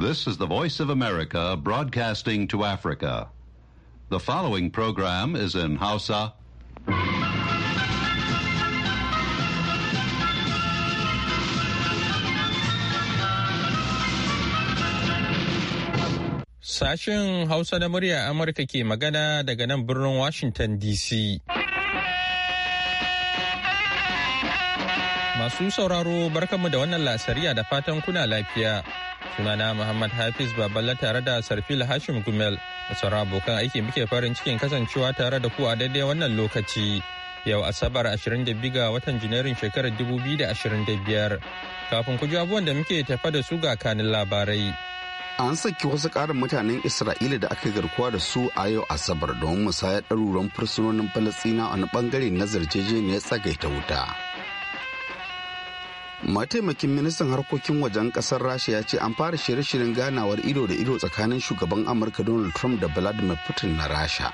This is the Voice of America broadcasting to Africa. The following program is in Hausa. Sashen Hausa na murya Amurka ke magana daga nan birnin Washington DC. Masu sauraro barkanmu da wannan lasariya da fatan kuna lafiya. sunana Muhammad Hafiz Baballa tare da Sarfil Hashim Gumel da sauran abokan aiki muke farin cikin kasancewa tare da ku a daidai wannan lokaci. Yau Asabar 22 ga watan Janairun shekarar 2025 kafin ku ji abubuwan da muke tafa da su ga kanin labarai. An saki wasu karin mutanen Isra'ila da aka garkuwa da su a yau Asabar don musayar ɗaruran fursunonin Falasina na ɓangare na zarjejeniyar tsagaita wuta. mataimakin ministan harkokin wajen kasar rasha ya ce an fara shirye-shiryen ganawar ido da ido tsakanin shugaban amurka donald trump da vladimir putin na rasha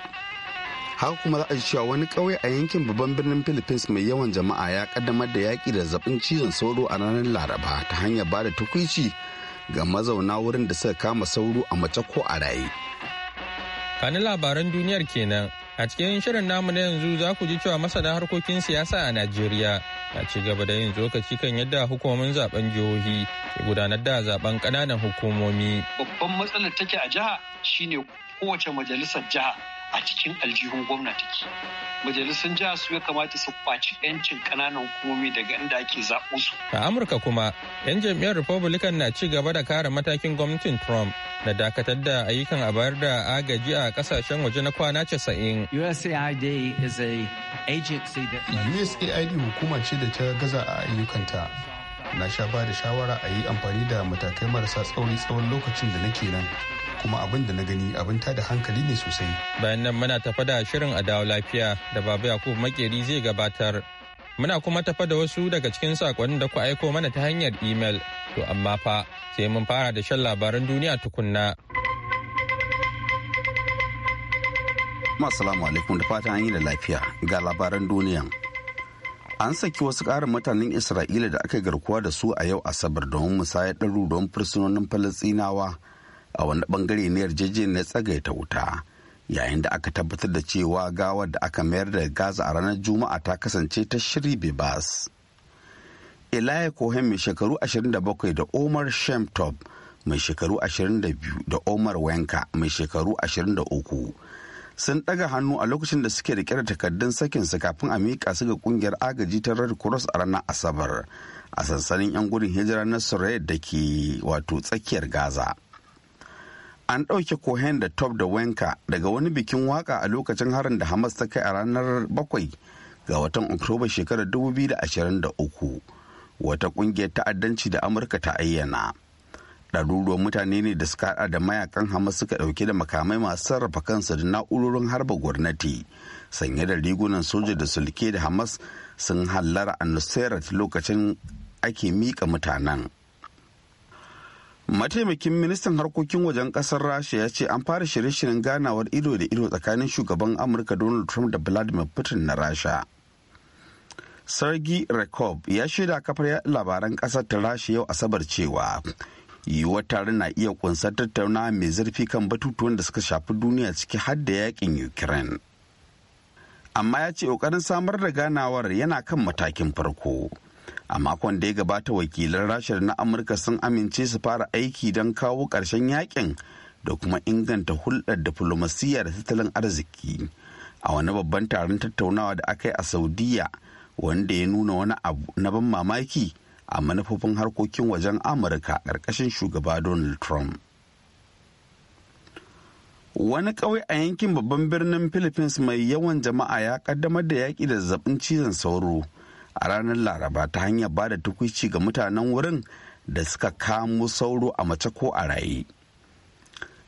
haka kuma za a cewa wani ƙauye a yankin babban birnin philippines mai yawan jama'a ya kaddamar da yaƙi da zaɓin cizon sauro a ranar laraba ta hanyar ba da tukwici ga mazauna wurin da suka kama sauro a mace ko a raye kanin labaran duniyar kenan A cikin shirin namu na yanzu za ku ji cewa masana harkokin siyasa a Najeriya na ci gaba da yin tsokaci kan yadda hukumomin zaben jihohi ke gudanar da zaben ƙananan hukumomi. Babban matsalar take a jiha shine kowace majalisar jiha a cikin aljihun gwamnati ke majalisun jiha su ya kamata su kwaci 'yancin kananan hukumomi daga inda ake zaɓo su a amurka kuma 'yan jam'iyyar republican na ci gaba da kare matakin gwamnatin trump na dakatar da ayyukan a bayar da agaji a kasashen waje na kwana 90 usaid is a agency that usaid hukuma ce da ta gaza a ayyukanta na sha ba da shawara a yi amfani da matakai marasa tsauri tsawon lokacin da nake nan kuma abin da na gani abin tada hankali ne sosai bayan nan muna tafa da shirin a dawo lafiya da baba yakubu makeri zai gabatar muna kuma tafa da wasu daga cikin sakonnin da ku aiko mana ta hanyar imel to amma fa sai mun fara da shan labaran duniya tukunna Assalamu alaikum da fatan an yi da lafiya ga labaran duniya. An saki wasu ƙarin mutanen Isra'ila da aka garkuwa da su a yau Asabar domin musayar ɗaruruwan fursunonin Falasɗinawa a wani bangare na yarjejeniyar tsagaita wuta yayin da aka tabbatar da cewa gawar da aka mayar da gaza a ranar juma'a ta kasance ta shiri Bebas. Eliya Cohen mai shekaru 27 da Omar Shemtop mai shekaru 22 da Omar Wenka mai shekaru 23 sun daga hannu a lokacin da suke da takardun su kafin a mika su ga ƙungiyar agaji ta Red Cross a ranar Asabar a sansanin 'yan gudun hijira na Surayet da ke wato tsakiyar Gaza. an ɗauke cohen da top da wenka daga wani bikin waka a lokacin harin da hamas ta kai a ranar 7 ga watan oktoba shekarar 2023 wata ƙungiyar ta'addanci da amurka ta ayyana ɗaruruwan mutane ne da suka haɗa da mayakan hamas suka ɗauke da makamai masu sarrafa kansu da na'urorin harba gwarnati. sanye da rigunan soja da sulke da hamas sun hallara a lokacin ake miƙa mutanen mataimakin ministan harkokin wajen kasar rasha ya ce an fara shirye-shiryen ganawar ido da ido tsakanin shugaban amurka donald trump da vladimir putin na rasha sergi rekob ya shaida kafar labaran kasar ta rasha yau asabar cewa yiwuwar tare na iya kunsar tattauna mai zurfi kan batutuwan da suka shafi duniya ciki har da yakin ukraine amma ya ce kokarin samar da ganawar yana kan matakin farko a makon da ya gabata wakilan rasha na amurka sun amince su fara aiki don kawo karshen yakin da kuma inganta hulɗar diflomasiyya da tattalin arziki a wani babban taron tattaunawa da aka yi a saudiya wanda ya nuna wani abu na ban mamaki a manufofin harkokin wajen amurka ƙarƙashin shugaba donald trump wani ƙauye a yankin babban birnin philippines mai yawan jama'a ya ƙaddamar da yaƙi da zazzabin cizon sauro a ranar laraba ta hanyar ba da tukuici ga mutanen wurin da suka kamo sauro a mace ko a raye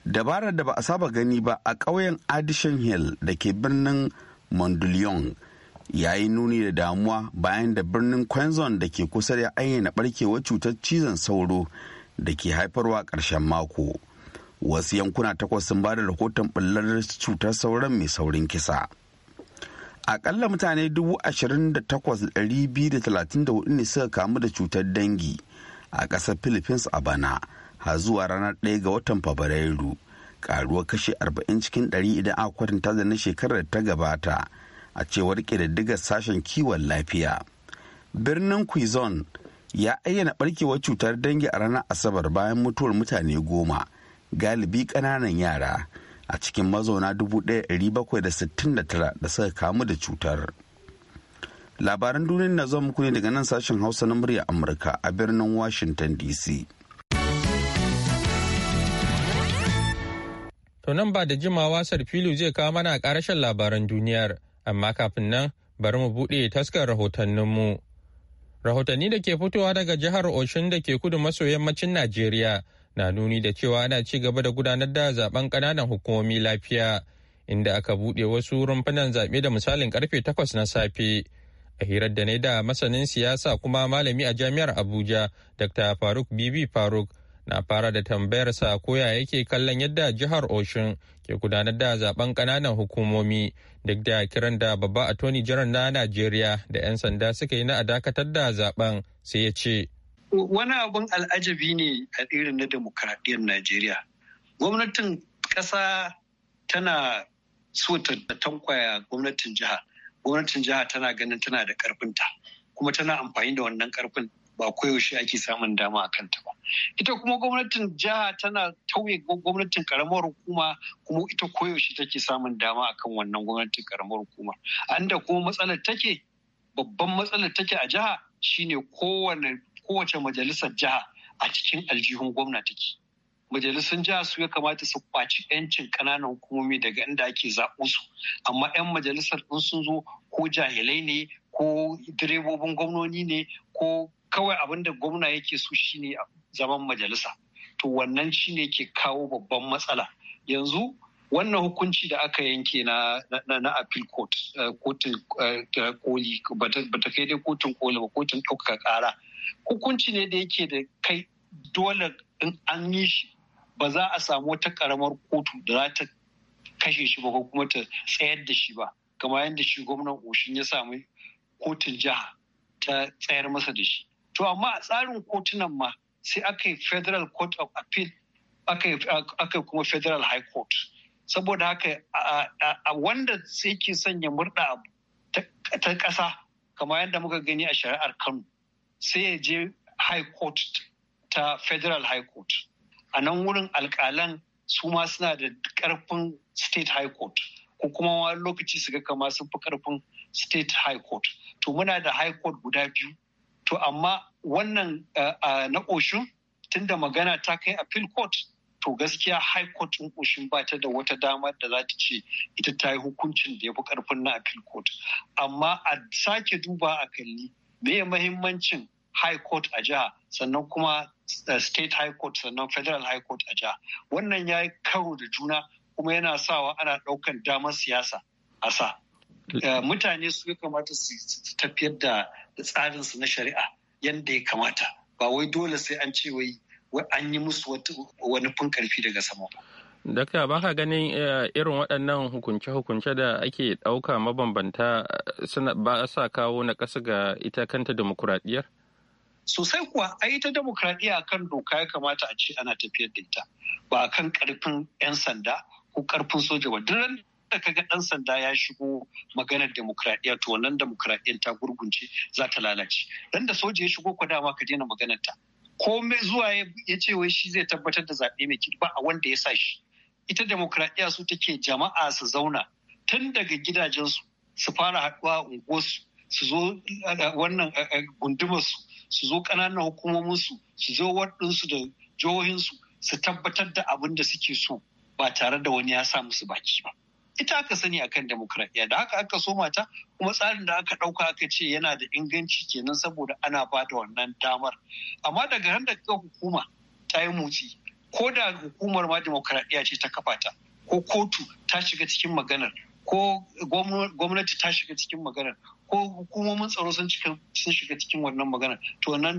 dabarar da ba a saba gani ba a ƙauyen addison hill da ke birnin mondulyon ya yi nuni da damuwa bayan da birnin queensland da ke kusa da ayyana barkewar cutar cizon sauro da ke haifarwa ƙarshen mako wasu yankuna takwas sun ba da rahoton ɓullar cutar sauran mai saurin kisa akalla mutane 28,234 ne suka kamu da cutar dangi a ƙasar philippines a bana har zuwa ranar 1 ga watan fabrairu karuwar kashe 40 cikin 100 idan aka kwatanta da na shekarar ta gabata a cewar ƙididdigar sashen kiwon lafiya birnin quizon ya ayyana barkewar cutar dangi a ranar asabar bayan mutuwar mutane goma galibi ƙananan yara a cikin mazauna 1,769 da suka kamu da cutar. Labaran duniyar na zo muku ne daga nan sashen Hausa na murya Amurka a birnin Washington DC. To nan ba da jimawa sarfilu zai kawo mana ƙarashen labaran duniyar, amma kafin nan bari mu buɗe taskar rahotanninmu. Rahotanni da ke fitowa daga jihar oshin da ke kudu maso yammacin Najeriya na nuni da cewa ana ci gaba da gudanar da zaben ƙananan hukumomi lafiya inda aka buɗe wasu rumfunan zaɓe da misalin karfe takwas na safe a hirar da ne da masanin siyasa kuma malami a jami'ar abuja dr faruk bibi faruk na fara da tambayarsa ko ya yake kallon yadda jihar oshun ke gudanar da zaben ƙananan hukumomi duk da kiran da babba attorney general na najeriya da 'yan sanda suka yi na a dakatar da zaben sai ya ce wani abin al'ajabi ne a irin na demokradiyyar najeriya gwamnatin ƙasa tana so ta tankwaya gwamnatin jiha gwamnatin jiha tana ganin tana da ƙarfinta kuma tana amfani da wannan ƙarfin ba koyaushe ake samun dama a kanta ba ita kuma gwamnatin jiha tana tauye gwamnatin ƙaramar hukuma kuma ita koyaushe take samun dama a kan wannan gwamnatin ƙaramar hukuma an da kuma matsalar take babban matsalar take a jiha shine kowane kowace majalisar jiha a cikin aljihun gwamna take. Majalisun jiha su ya kamata su kwaci 'yancin ƙananan hukumomi daga inda ake zaɓo su, amma 'yan majalisar ɗin sun zo ko jahilai ne ko direbobin gwamnoni ne ko kawai abin da gwamna yake so shine zaman majalisa. To wannan shi ne ke kawo babban matsala. Yanzu wannan hukunci da aka yanke na na appeal court eh, kotun eh, koli ba ta kai dai kotun koli ba kotun ɗaukaka ƙara hukunci ne da yake da kai dole in an yi shi ba za a samu wata karamar kotu da za ta kashe shi ba ko kuma ta tsayar da shi ba kamar yadda shi gwamnan oshin ya samu kotun jiha ta tsayar masa da shi to amma a tsarin kotunan ma sai aka yi federal court of appeal aka yi kuma federal high court saboda haka a wanda sai ke sanya murda ta ƙasa kamar yadda muka gani a shari'ar kano sai ya je high court ta federal high court a nan wurin alkalan su ma suna da karfin state high court ko kuma wani lokaci su ga kama sun fi karfin state high court to muna da high court guda biyu to amma wannan eh, eh, na ƙoshin tunda magana ta kai appeal court to gaskiya high court in ƙoshin ba ta da wata dama da za ta ce ita ta yi hukuncin da ya fi karfin na appeal court amma a sake duba a kalli meye mahimmancin high court a jiha sannan kuma eh, state high court sannan federal high court a jiha wannan ya yi karo da juna kuma yana sawa ana ɗaukan damar siyasa a sa eh, mutane su ya kamata su tafiyar da tsarinsu na shari'a yadda ya kamata ba wai dole sai an ce wai an yi musu wani fin karfi daga sama ba Dakta ba ka ganin eh, irin waɗannan hukunce-hukunce da ake ɗauka mabambanta eh, suna ba sa kawo na ƙasa ga ita kanta demokuraɗiyar? Sosai kuwa a ita demokuraɗiyya kan doka ya kamata a ce ana tafiyar da ita ba kan ƙarfin 'yan sanda ko ƙarfin soja ba. Duran da kaga ɗan sanda ya shigo maganar demokuraɗiyya to wannan demokuraɗiyyar ta gurgunce za ta lalace. Dan da soja ya shigo ku dama ka daina maganar ta. Komai zuwa ya ce wai shi zai tabbatar da zaɓe mai ba a wanda ya sa shi. ita demokradiyya su take jama'a su zauna tun daga gidajensu su fara haɗuwa unguwarsu su zo eh, eh, wannan eh, gundumarsu su zo ƙananan hukumominsu su zo waɗinsu da jihohinsu su tabbatar da abin da suke so ba tare da wani ya sa musu baki ba. Ita aka sani akan demokradiyya da haka aka so mata kuma tsarin da aka ɗauka aka ce yana da inganci kenan saboda ana ba da wannan damar. Amma daga ran da hukuma ta yi motsi ko da hukumar ma demokaradiyya ce ta kafa ta ko kotu ta shiga cikin maganar ko gwamnati ta shiga cikin maganar ko hukumomin tsaro sun shiga cikin wannan maganar to nan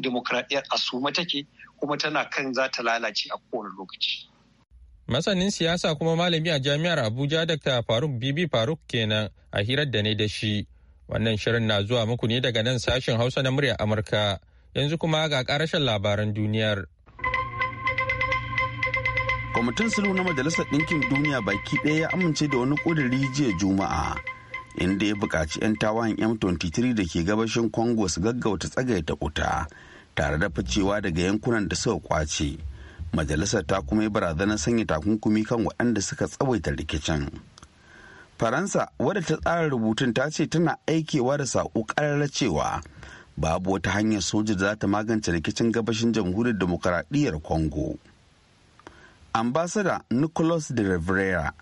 demokaradiyyar a suma take kuma tana kan za ta lalace a kowane lokaci. Masanin siyasa kuma malami a jami'ar Abuja Dr. Faruk Bibi Faruk kenan a hirar da ne da shi. Wannan shirin na zuwa muku ne daga nan sashen Hausa na murya Amurka. Yanzu kuma ga karashen labaran duniyar. kwamitin sulhu na majalisar ɗinkin duniya baki ɗaya ya amince da wani ƙudiri jiya juma'a inda ya buƙaci 'yan tawayen m23 da ke gabashin congo su gaggauta tsagaita wuta tare da ficewa daga yankunan da suka kwace majalisar ta kuma yi barazanar sanya takunkumi kan waɗanda suka tsawaita rikicin faransa wadda ta tsara rubutun ta ce tana aikewa da saƙo ƙarar cewa babu wata hanyar soja da za ta magance rikicin gabashin jamhuriyar demokaradiyyar congo ambasada nicholas de rivera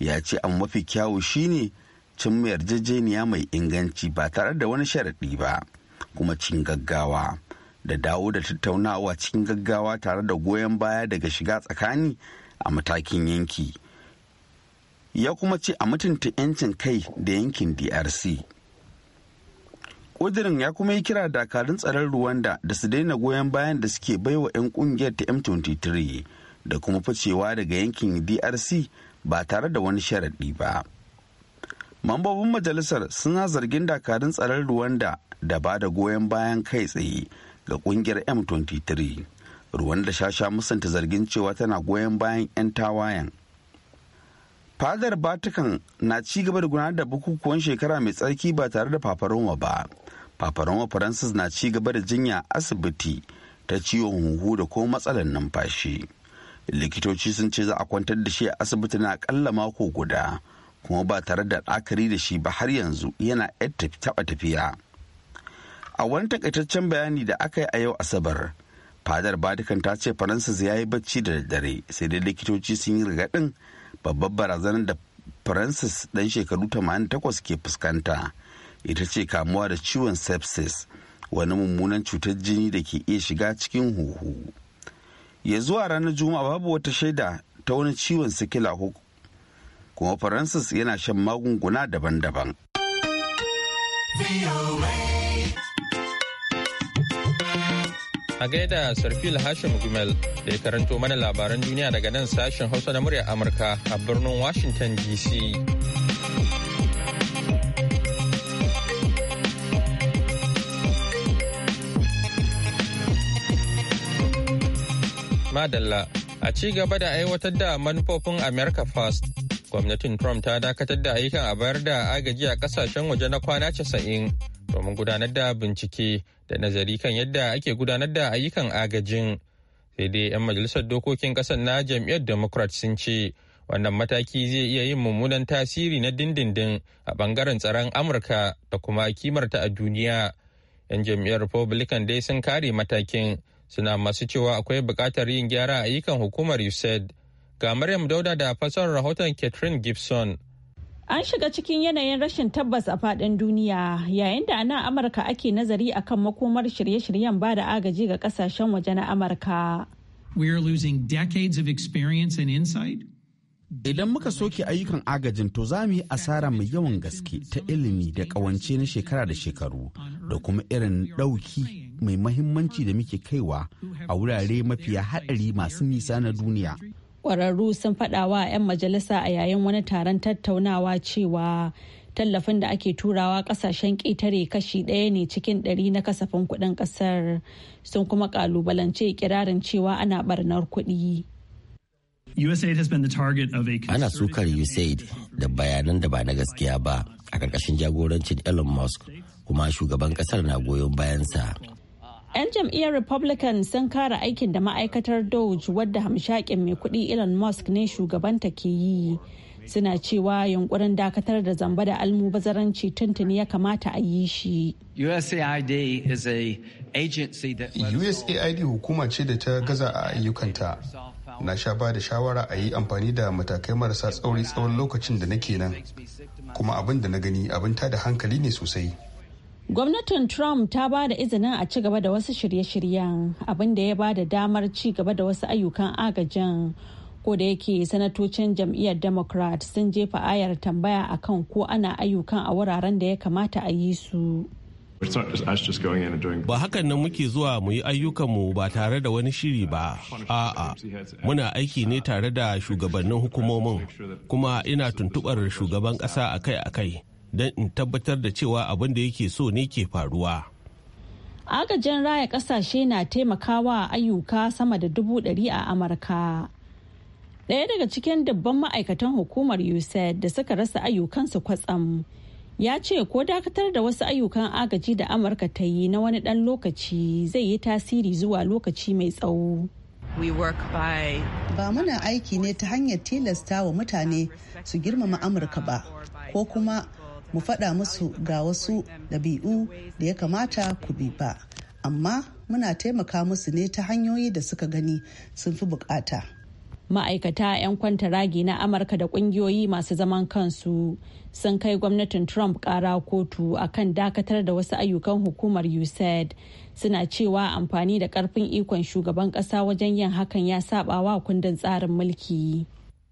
ya ce abu mafi kyawu shine cin yarjejeniya mai inganci ba tare da wani sharaɗi ba kuma cin gaggawa da dawo da tattaunawa cikin gaggawa tare da goyon baya daga shiga tsakani a matakin yanki ya kuma ce a mutunta 'yancin kai da yankin drc ƙudirin ya kuma yi kira dakarun tsaron ruwanda da su daina goyon bayan da suke baiwa 'yan ƙungiyar ta m23 da kuma ficewa daga yankin drc ba tare da wani sharaɗi ba mambobin majalisar suna zargin dakarun tsaron rwanda da ba da goyon bayan kai tsaye ga kungiyar m23 rwanda shasha musanta zargin cewa tana goyon bayan 'yan tawayen fadar batikan na ci gaba da gudanar da bukukuwan shekara mai tsarki ba tare da fafaroma ba fafaroma Francis na ci gaba da jinya asibiti ta ciwon huhu da ko matsalar numfashi. likitoci sun ce za a kwantar da shi a asibiti na akalla mako guda kuma ba tare da ɗakari da shi ba har yanzu yana taɓa tafiya a wani takaitaccen bayani da aka yi a yau asabar fadar badikan ta ce faransa ya yi bacci da daddare sai dai likitoci sun yi rigaɗin babbar barazanar da francis ɗan shekaru 88 ke fuskanta ita ce kamuwa da ciwon sepsis wani mummunan cutar jini da ke iya shiga cikin huhu ya zuwa ranar juma'a babu wata shaida ta wani ciwon sikila kuma faransis yana shan magunguna daban-daban a gaida sarfil hashim gumel da ya karanto mana labaran duniya daga nan sashen hausa na murya amurka a birnin washington dc Madalla a ci gaba da aiwatar da manufofin America First. Gwamnatin Trump ta dakatar da ayyukan a bayar da agaji a kasashen waje na kwana casa'in domin gudanar da bincike da nazari kan yadda ake gudanar da ayyukan agajin. Sai dai 'yan majalisar dokokin ƙasar na jam'iyyar Democrat sun ce wannan mataki zai iya yin mummunan tasiri na dindindin a bangaren tsaron Amurka da kuma kimarta a duniya. 'Yan jam'iyyar Republican dai sun kare matakin. suna masu cewa akwai bukatar yin gyara a ayyukan hukumar usaid ga maryam dauda da fasar rahoton catherine gibson An shiga cikin yanayin rashin tabbas a faɗin duniya yayin da a Amurka ake nazari akan makomar shirye-shiryen ba da agaji ga kasashen waje na Amurka. We are losing decades of experience and insight. Idan muka soke ayyukan agajin to za mu yi asara mai yawan gaske ta ilimi da ƙawance na shekara da shekaru da kuma irin ɗauki mai mahimmanci da muke kaiwa a wurare mafiya haɗari masu nisa na duniya. Ƙwararru sun faɗawa 'yan majalisa a yayin wani taron tattaunawa cewa tallafin da ake turawa kasashen ƙetare kashi ɗaya ne cikin ɗari na kasafin kuɗin ƙasar sun kuma ƙalubalance kirarin cewa ana ɓarnar kuɗi Ana sukar USAID da bayanan da ba na gaskiya ba a ƙarƙashin jagorancin Elon Musk kuma shugaban ƙasar na goyon bayansa. 'Yan jam'iyyar Republican sun kara aikin da ma'aikatar Doge wadda hamshakin mai kuɗi Elon Musk ne shugabanta ke yi. Suna cewa yunkurin dakatar da zamba da almubazaranci tuntuni ya kamata a yi shi. USAID hukuma ce da ta gaza a ayyukanta. na sha ba da shawara a yi amfani da matakai marasa tsauri tsawon lokacin da nake nan kuma abin da na gani abin da hankali ne sosai gwamnatin trump ta ba da izinin a ci gaba da wasu shirye-shiryen abin da ya ba da damar ci gaba da wasu ayyukan agajin ko da yake sanatocin jam'iyyar democrat sun jefa ayar tambaya akan ko ana ayyukan a wuraren da ya kamata a yi su Ba hakan nan muke zuwa mu yi ayyukanmu ba tare da wani shiri ba. A'a, muna aiki ne tare da shugabannin hukumomin, kuma ina tuntubar shugaban ƙasa akai-akai don in tabbatar da cewa abin da yake so ne ke faruwa. Agajin raya ƙasashe na taimakawa ayyuka sama da dubu ɗari a Amurka. Ɗaya daga cikin dubban ma'aikatan hukumar USAID da suka rasa ayyukansu kwatsam. ya ce ko dakatar da wasu ayyukan agaji da amurka ta yi na wani dan lokaci zai yi tasiri zuwa lokaci mai tsawo ba muna aiki ne ta hanyar tilasta wa mutane su girmama amurka ba ko kuma mu faɗa musu ga wasu ɗabi'u da ya kamata ku bi ba amma muna taimaka musu ne ta hanyoyi da suka gani sun fi bukata ma'aikata 'yan kwanta kwantaragi na amurka da kungiyoyi masu zaman kansu sun kai gwamnatin trump kara kotu akan dakatar da wasu ayyukan hukumar usaid suna cewa amfani da karfin ikon shugaban kasa wajen yin hakan ya saba wa kundin tsarin mulki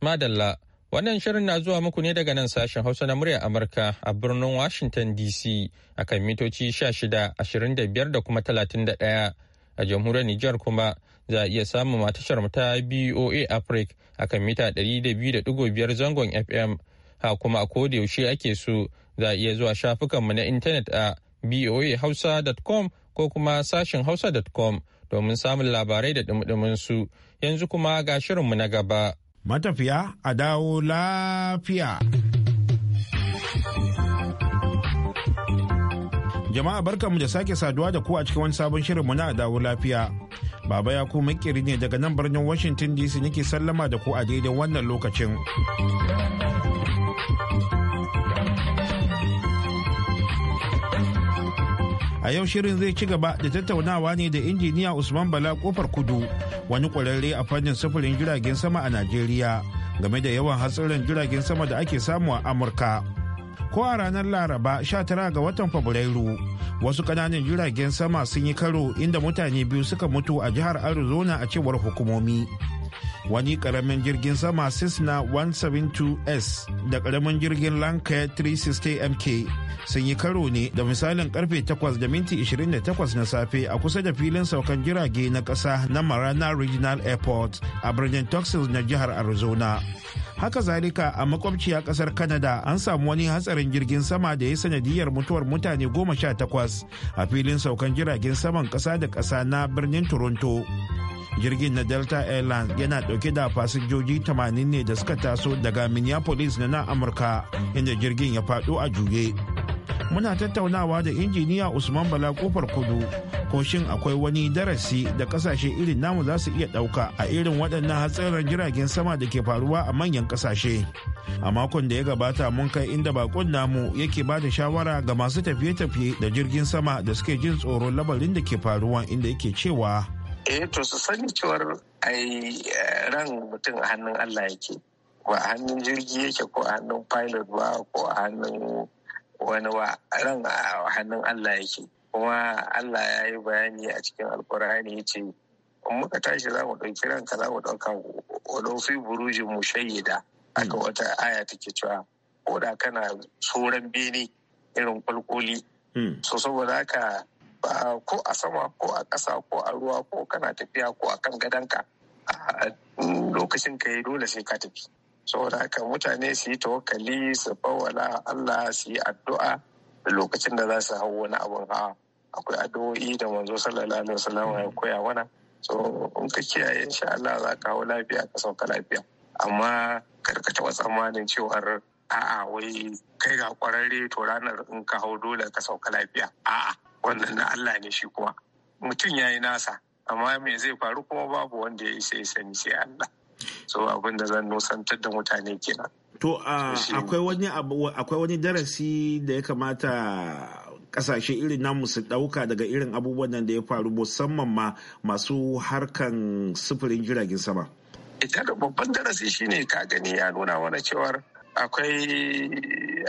madalla wannan shirin na zuwa muku ne daga nan sashen hausa na murya amurka a birnin washington dc akan mitoci 16 25 da kuma 31 a jamhuriyar Nijar kuma za a iya samun matashar ta BOA Africa kan mita 200.5 zangon FM ha kuma a koda yaushe ake so za a iya zuwa shafukanmu na intanet a boahausa.com ko kuma sashin hausa.com domin samun labarai da dumdumin su yanzu kuma ga shirinmu na gaba. Matafiya a dawo lafiya. Jama'a barkanmu da sake saduwa da ku a cikin wani sabon shirinmu na dawo lafiya. Baba ya ku makiri ne daga nan birnin Washington DC nake sallama da ku a daidai wannan lokacin. A yau shirin zai ci gaba da tattaunawa ne da injiniya Usman Bala kofar kudu wani kwararre a fannin sufurin jiragen sama a Najeriya game da yawan hatsarin jiragen sama da ake samu a Amurka. ko a ranar laraba 19 ga watan fabrairu wasu kananan jiragen sama sun yi karo inda mutane biyu suka mutu a jihar arizona a cewar hukumomi wani karamin jirgin sama Cessna 172S da karamin jirgin Lancair 360MK sun yi karo ne da misalin karfe 8:28 na safe a kusa da filin saukan jirage na ƙasa na Marana Regional Airport a birnin Texas na jihar Arizona. Haka zalika a makwabciya ƙasar Canada an samu wani hatsarin jirgin sama da ya sanadiyar mutuwar mutane goma sha takwas a filin saukan jiragen saman ƙasa da ƙasa na birnin Toronto. jirgin na delta airlines yana dauke da fasinjoji 80 ne da suka taso daga minneapolis na na amurka inda jirgin ya fado a juye muna tattaunawa da injiniya usman bala kofar kudu ko shin akwai wani darasi da kasashe irin namu za su iya dauka a irin waɗannan hatsarin jiragen sama da ke faruwa a manyan kasashe a makon da ya gabata mun kai inda bakon namu yake ba da shawara ga masu tafiye-tafiye da jirgin sama da suke jin tsoron labarin da ke faruwa inda yake cewa eh to su sani cewar ai eh, ran mutum a hannun Allah yake ba a hannun jirgi yake ko a hannun pilot ba ko a hannun wani ba ran a hannun Allah yake kuma Allah ya yi bayani a cikin alkur'ani ya ce in muka tashi za mu ɗauki ranka za mu ɗauka fi burujin mu shayyada aka hmm. wata aya take cewa ko da kana tsoron bene irin kwalkoli hmm. so saboda haka ko a sama ko a ƙasa ko a ruwa ko kana tafiya ko a kan gadonka a lokacin ka yi dole sai ka tafi saboda haka mutane su yi tawakkali su bawala Allah su yi addu'a da lokacin da za su hau wani abun hawa akwai addu'o'i da manzo sallallahu alaihi wasallam ya koya mana so in ka kiyaye insha Allah za ka hau lafiya ka sauka lafiya amma kar ka taɓa tsammanin cewar a'a wai kai ga kwararre to ranar in ka hau dole ka sauka lafiya a'a wannan na Allah ne shi kuma mutum ya yi nasa amma me zai faru kuma babu wanda ya isa ya sani sai Allah so abin da zan nusantar da mutane kenan to akwai wani darasi da ya kamata kasashe irin namu su dauka daga irin abubuwan nan da ya faru musamman ma masu harkan sufurin jiragen sama ita da babban darasi shine ka gani ya nuna mana cewar akwai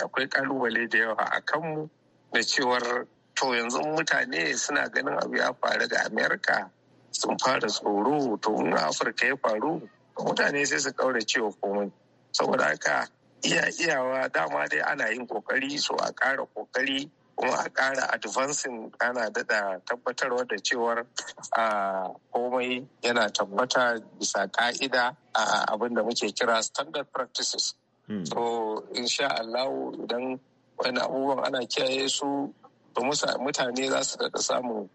akwai kalubale da yawa a kanmu da cewar to yanzu mutane suna ganin abu ya faru ga amerika sun fara tsoro to in afirka ya faru mutane sai su kaura cewa komai saboda haka iya iyawa dama dai ana yin kokari so a ƙara kokari kuma a ƙara advancing ana daɗa tabbatarwa da cewar komai yana tabbata bisa ka'ida a abinda muke kira standard practices hmm. so insha allahu idan wani abubuwan ana kiyaye su to mutane za su daɗa samu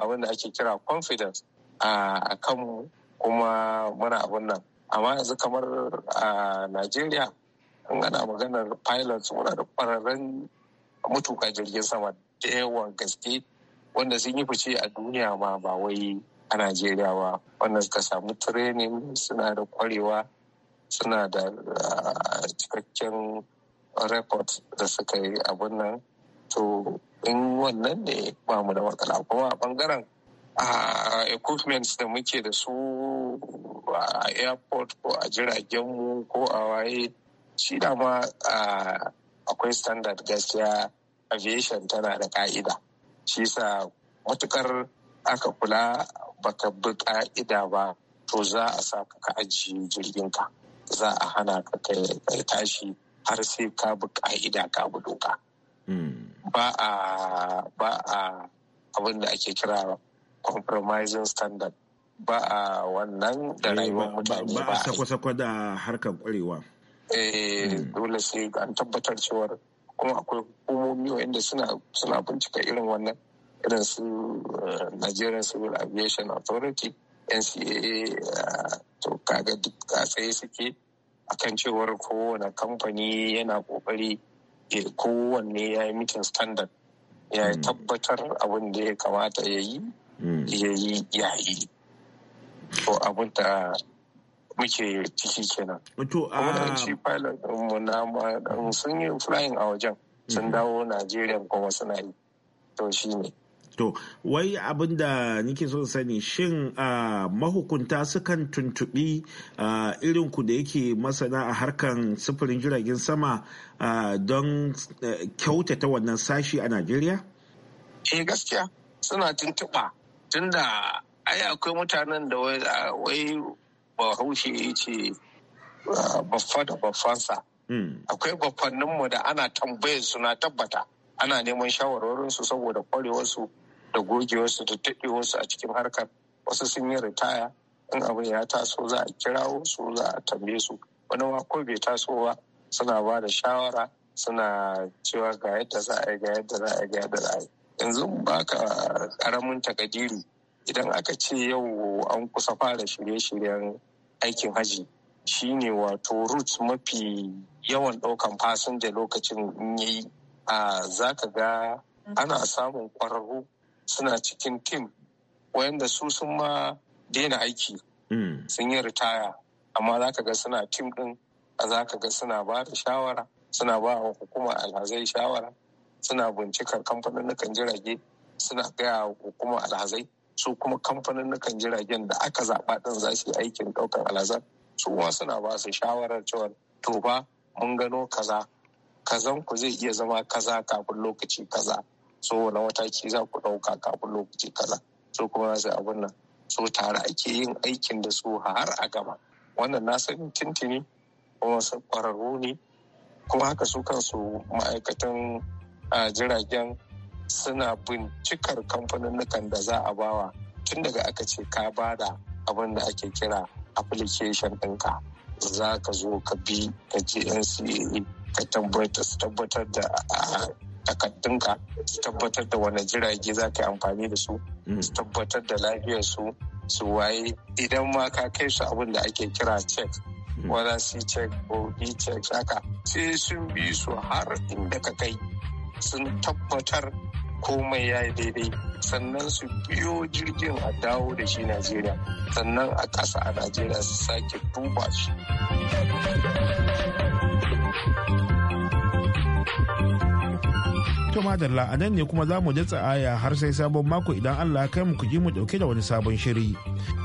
abin da ake kira confidence a kanmu kuma muna abin nan amma yanzu kamar a najeriya in ana maganar pilots muna da ƙwararren mutuka jirgin sama da yawan gaske wanda sun yi fice a duniya ma ba wai a najeriya ba wanda suka samu training suna da ƙwarewa suna da cikakken record da suka yi abin nan to in wannan ne ba mu da matsala kuma a bangaren a equipments da muke da su a airport ko a jiragenmu ko a waye shi ma akwai standard gaskiya aviation tana da ka'ida shi sa matukar aka kula baka bi ka'ida ba to za a sa ka ajiye jirginka za a hana ka kai tashi har sai ka bi ka'ida ka bi doka hmm. ba a ba a abin da ake kira compromising standard ba a wannan da eh, rayuwar mutane ba a sako sako da harkar kwarewa eh hmm. dole sai an tabbatar cewar kuma akwai hukumomi wanda suna suna bincika irin wannan irin su eh, Nigerian Civil Aviation Authority NCAA eh, to kaga duk a tsaye suke akan cewar kowane kamfani yana kokari kowanne ya yi mikin standard ya hmm. tabbatar abin da ya kamata ya yi hmm. ya yi ya yi to abin da muke ciki kenan to a ah. shi pilot mu na sun yi flying a wajen sun hmm. dawo Najeriya kuma suna yi to shi ne To, wai abin da nike so sani shin mahukunta sukan tuntuɓi irin ku da yake masana a harkan sufurin jiragen sama don kyautata wannan sashi a Najeriya? Eh gaskiya suna tuntuɓa tunda ai akwai mutanen da wai bahaushe ya ce baffa da baffansa. Hmm. Akwai baffanninmu da ana tambayar suna tabbata ana neman shawarwarinsu saboda kwarewarsu. da wasu da wasu a cikin harkar wasu sun yi ritaya in abin ya taso za a kirawo su za a tambaye su wani ma ko bai taso ba suna ba da shawara suna cewa ga yadda za a yi ga yadda za a yi ga yadda za a yi yanzu ba ka karamin takadiri idan aka ce yau an kusa fara shirye-shiryen aikin haji ne wato route mafi yawan ɗaukan fasinja lokacin in yi a za ga ana samun ƙwararru suna cikin tim wayanda su sun ma daina aiki hmm. sun yi ritaya amma za ka ga suna tim din a za ka ga suna ba da shawara suna ba wa hukuma alhazai shawara suna bincikar kamfanin jirage suna gaya wa hukuma alhazai su kuma kamfanin jiragen da aka zaɓa ɗin za su yi aikin ɗaukar alhazan su ma suna ba su shawarar cewa to ba mun gano kaza kazan ku zai iya zama kaza kafin lokaci kaza so wani mataki za ku ɗauka kafin lokaci kaza so kuma za abin nan so tare ake yin aikin da su har a gama wannan na sanin tintini kuma su ƙwararru ne kuma haka su kansu ma'aikatan jiragen suna bincikar kamfanin da za a bawa tun daga aka ce ka bada abin da ake kira application ɗinka za ka zo ka bi ka je NCAA ka tabbatar da takaddunka su tabbatar da wani jirage za ka yi amfani da su mm. su tabbatar da lafiyar su su waye idan ma ka kai su abin da ake kira check mm. whether c check ko e check haka sai sun bi su har inda ka kai sun tabbatar komai ya yi daidai sannan su biyo jirgin a dawo da shi najeriya sannan a ƙasa a najeriya su sake duba shi To madalla a nan ne kuma za mu datse aya har sai sabon mako idan Allah kai mu ji mu dauke da wani sabon shiri.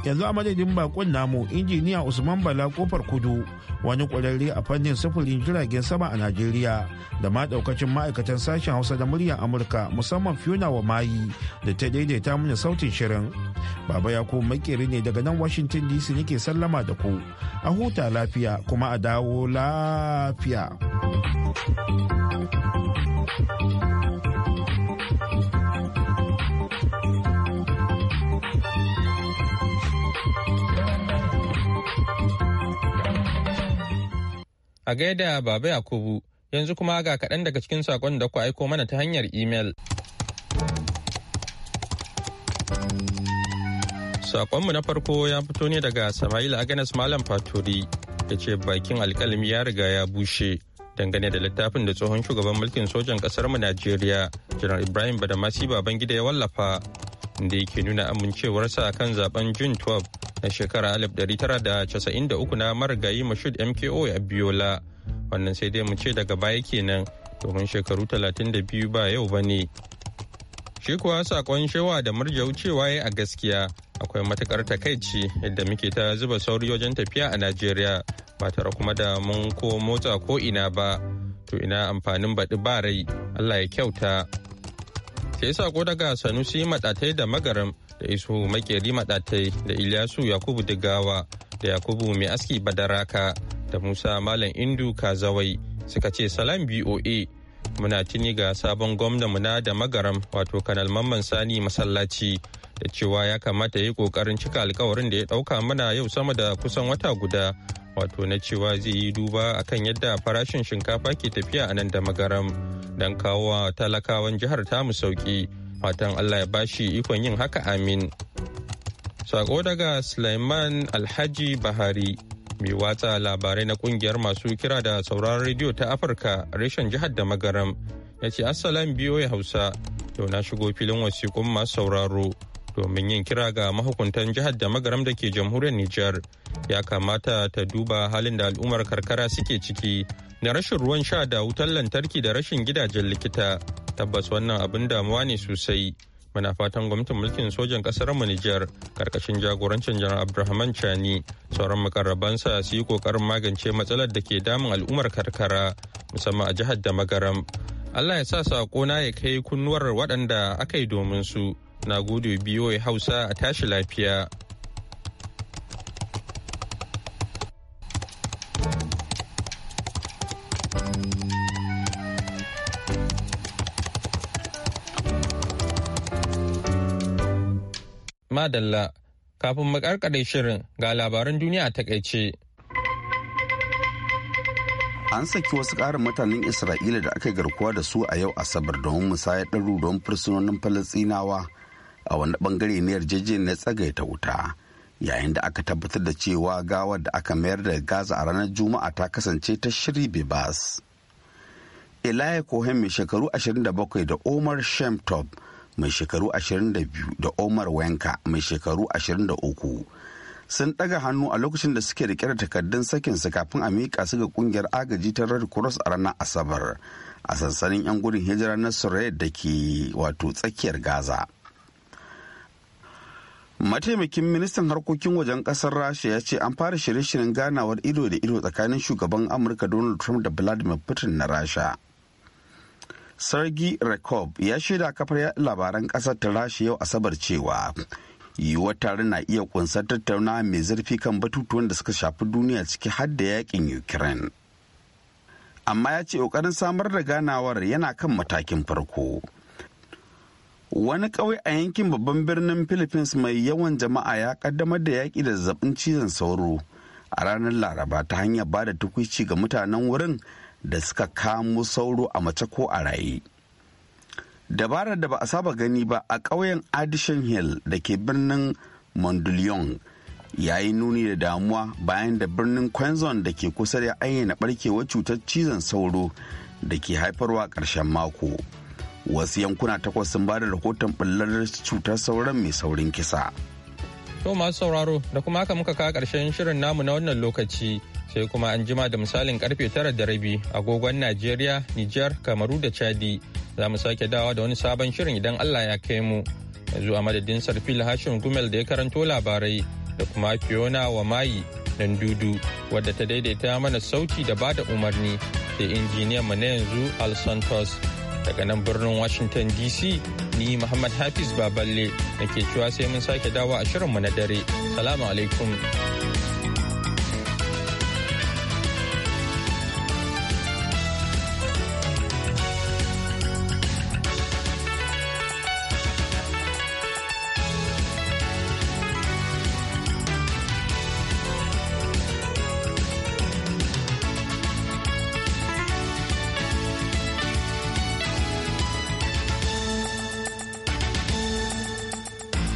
Yanzu a madadin bakon namu injiniya Usman Bala kofar kudu wani kwararre a fannin sufurin jiragen sama a Najeriya da ma daukacin ma'aikatan sashen Hausa da muryar Amurka musamman Fiona wa Mayi da ta daidaita mana sautin shirin. Baba ya kuma makeri ne daga nan Washington DC nake sallama da ku. A huta lafiya kuma a dawo lafiya. thank you A gaida Baba Yakubu, yanzu kuma ga kaɗan daga cikin saƙon da ku aiko mana ta hanyar imel. Saƙonmu na farko ya fito ne daga Sama'il agnes Malam Faturi da ce bakin alkalmi ya riga ya bushe dangane da littafin da tsohon shugaban mulkin sojan ƙasarmu Najeriya, Janar Ibrahim Badamasi Babangida ya wallafa inda yake nuna amincewarsa a kan zaben jun 12 na shekara 1993 na marigayi Mashud MKO a biyola Wannan sai dai mu ce daga baya kenan domin shekaru 32 ba yau ba ne. Shi kuwa sakon shewa da murjau cewa ya a gaskiya akwai matukar takaici yadda muke ta zuba sauri wajen tafiya a Najeriya ba tare kuma da mun ko motsa ko ina ba. To ina amfanin baɗi ba rai Allah ya kyauta. sai sako daga sanusi madatai da magaram da isu makeri maɗatai da ilyasu yakubu digawa da yakubu mai aski badaraka da musa malam indu kazawai suka ce salam boa muna tuni ga sabon gwamna muna da magaram wato kanal mamman sani masallaci da cewa ya kamata ya yi kokarin cika alkawarin da ya dauka mana yau sama da kusan wata guda wato na cewa zai yi duba akan yadda farashin shinkafa ke tafiya a nan da magaram don kawo talakawan jihar tamu sauki fatan allah ya bashi ikon yin haka amin sako daga Sulaiman Alhaji Bahari mai watsa labarai na kungiyar masu kira da sauraron rediyo ta Afirka reshen jihar da magaram ya ce Assalam ya Hausa yau na shigo filin wasiƙun masu sauraro domin yin kira ga mahukuntan jihar da magaram da ke jamhuriyar Nijar ya kamata ta duba halin da al'ummar karkara suke ciki na rashin ruwan sha da wutar lantarki da rashin gidajen likita tabbas wannan abin damuwa ne sosai muna fatan gwamnatin mulkin sojan kasar mu Nijar karkashin jagorancin jihar Abdulrahman Chani sauran makarrabansa su yi kokarin magance matsalar da ke damun al'ummar karkara musamman a jihar da magaram Allah ya sa saƙona ya kai kunnuwar waɗanda aka yi domin su na gode biyoyi hausa a tashi lafiya madalla kafin makarkare shirin ga labaran duniya a takaice. an saki wasu ƙarin mutanen isra'ila da aka garkuwa da su a yau asabar domin musayar ɗaruruwan fursunonin falasɗinawa a wani bangare na yarjejeniyar tsagaita wuta yayin da aka tabbatar da cewa gawar da aka mayar da gaza a ranar juma'a ta kasance ta shiri bebas Eliya Cohen mai shekaru 27 da Omar Shemtop mai shekaru 22 da Omar Wenka mai shekaru 23 sun daga hannu a lokacin da suke rike da takardun sakinsu kafin a miƙa su ga kungiyar agaji ta Red Cross a ranar Asabar a sansanin 'yan gudun hijira na Surayya da ke wato tsakiyar Gaza. mataimakin ministan harkokin wajen kasar rasha ya ce an fara shirye-shiryen ganawar ido da ido tsakanin shugaban amurka donald trump da vladimir putin na rasha sargi rekob ya shaida kafar labaran kasar ta rasha yau asabar cewa yiwuwar tare na iya kunsar tattauna mai zurfi kan batutuwan da suka shafi duniya ciki har da yakin ukraine amma ya ce kokarin samar da ganawar yana kan matakin farko wani ƙauye a yankin babban birnin philippines mai yawan jama'a ya kaddamar da yaƙi da zazzabin cizon sauro a ranar laraba ta hanyar ba da tukwici ga mutanen wurin da suka kamo sauro a mace ko a raye dabarar da ba a saba gani ba a ƙauyen addition hill da ke birnin mandulion ya yi nuni da damuwa bayan da birnin queensland da ke kusa da ayyana barkewar cutar cizon sauro da ke haifarwa ƙarshen mako. wasu yankuna takwas sun bada rahoton ɓullar cutar sauran mai saurin kisa to masu sauraro da kuma haka muka kawo ƙarshen shirin namu na wannan lokaci sai kuma an jima da misalin karfe tara da rabi agogon najeriya nijar kamaru da chadi za mu sake dawa da wani sabon shirin idan allah ya kai mu yanzu a madadin sarfil hashim gumel da ya karanto labarai da kuma fiona wa mayi dan dudu wadda ta daidaita mana sauti da bada umarni da injiniyan mu na yanzu al daga nan birnin washington dc ni muhammad hafiz baballe da ke cewa sai mun sake dawo a shirinmu na dare salamu alaikum